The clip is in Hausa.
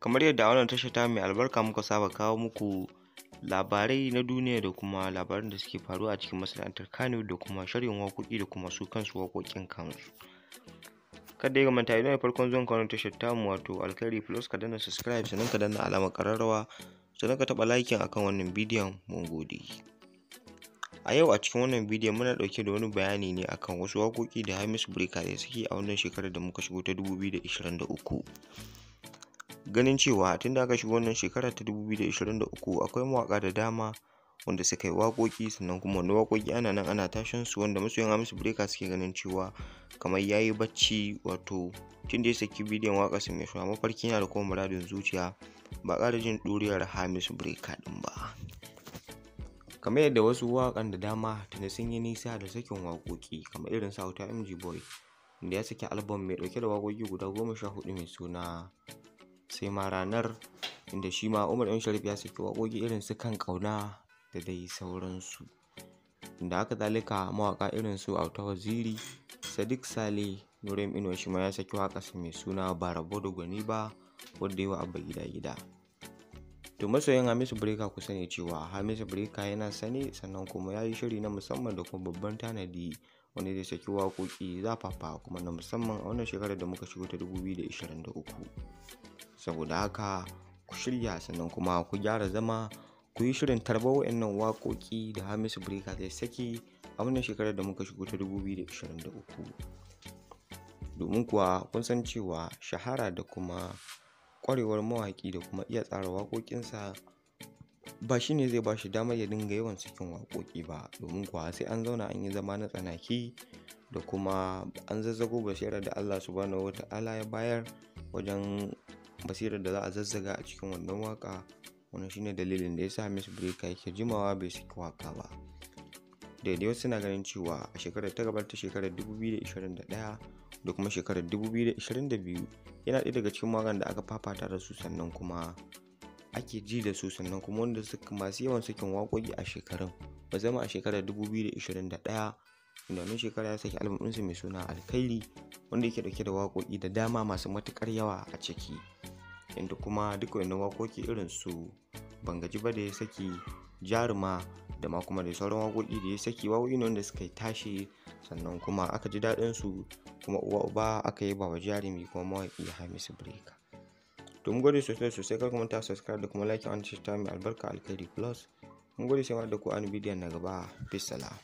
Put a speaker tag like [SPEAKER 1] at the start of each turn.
[SPEAKER 1] kamar yadda a wannan tasha ta mai albarka muka saba kawo muku labarai na duniya da kuma labaran da suke faruwa a cikin masana'antar kano da kuma sharhin waƙoƙi da kuma su kansu waƙoƙin kansu kada ya manta idan farkon zuwan kano tashar tamu wato alkhairi plus ka dana subscribe sannan ka dana alamar kararrawa. sannan ka taɓa likin akan wannan bidiyon mun gode a yau a cikin wannan bidiyon muna ɗauke da wani bayani ne akan wasu wakoki da Hamis breaker da suke a wannan shekarar da muka shigo ta 2023 ganin cewa tun da aka shigo wannan shekarar ta 2023 akwai mawaƙa da dama wanda suka yi waƙoƙi sannan kuma wani waƙoƙi ana nan ana tashin su wanda masoyan hamis breaker suke ganin cewa kamar ya yi bacci wato tun da ya saki bidiyon waƙa su mai suna mafarki yana da kuma muradin zuciya ba ƙara jin ɗuriyar Hamis Breka ɗin ba. Kamar yadda wasu waƙan da dama tuni sun yi nisa da sakin waƙoƙi kamar irin sa Auta MG Boy da ya saki album mai ɗauke da waƙoƙi guda goma sha hudu mai suna sai ma ranar inda shi ma Umar 'Yan Sharif ya saki waƙoƙi irin su kan ƙauna da dai sauransu. Da haka zalika mawaƙa irin su Auta Waziri Sadiq Saleh Nurem Ino shi ma ya saki waƙarsa mai suna ba rabo da gwani ba wadda yi wa abba gida gida. To masoyan Hamisu Breka ku sani cewa Hamisu Breka yana sani sannan kuma ya yi shiri na musamman da kuma babban tanadi wani zai saki waƙoƙi zafafa kuma na musamman a wannan shekarar da muka shigo ta 2023. Saboda haka ku shirya sannan kuma ku gyara zama ku yi shirin tarbar wa'annan waƙoƙi da hamisu birka zai saki a wannan shekarar da muka shigo ta 2023 domin kuwa kun san cewa shahara da kuma kwarewar mawaƙi da kuma iya tsara waƙoƙinsa ba shi ne zai ba shi damar ya dinga yawan sakin waƙoƙi ba domin kuwa sai an zauna an yi zama na tsanaki da kuma an zazzago basirar da Allah subhanahu wa ta'ala ya bayar wajen basirar da za a zazzaga a cikin wannan waƙa. Wannan shine dalilin da ya sa Miss Breaker yake jimawa bai saki waka ba. Daidai wasu na ganin cewa a shekarar ta ta shekarar 2021 da kuma shekarar 2022 yana ɗaya daga cikin wakan da aka fafata da su sannan kuma ake ji da su sannan kuma wanda suka masu yawan sakin waƙoƙi a shekarun zama a shekarar 2021 domin shekara ya saki album su mai suna alkhairi wanda yake dauke da waƙoƙi da dama masu matukar yawa a ciki. inda kuma duk wani waƙoƙi irin su bangaji ba da ya saki jaruma da ma kuma da sauran waƙoƙi da ya saki waƙoƙi ne wanda suka yi tashi sannan kuma aka ji daɗin su kuma uwa uba aka yi ba wa jarumi kuma mawaƙi su breka to mun gode sosai sosai kar kuma ta subscribe da kuma like on ta mai albarka alkhairi plus mun gode sai da ku an bidiyon na gaba peace salam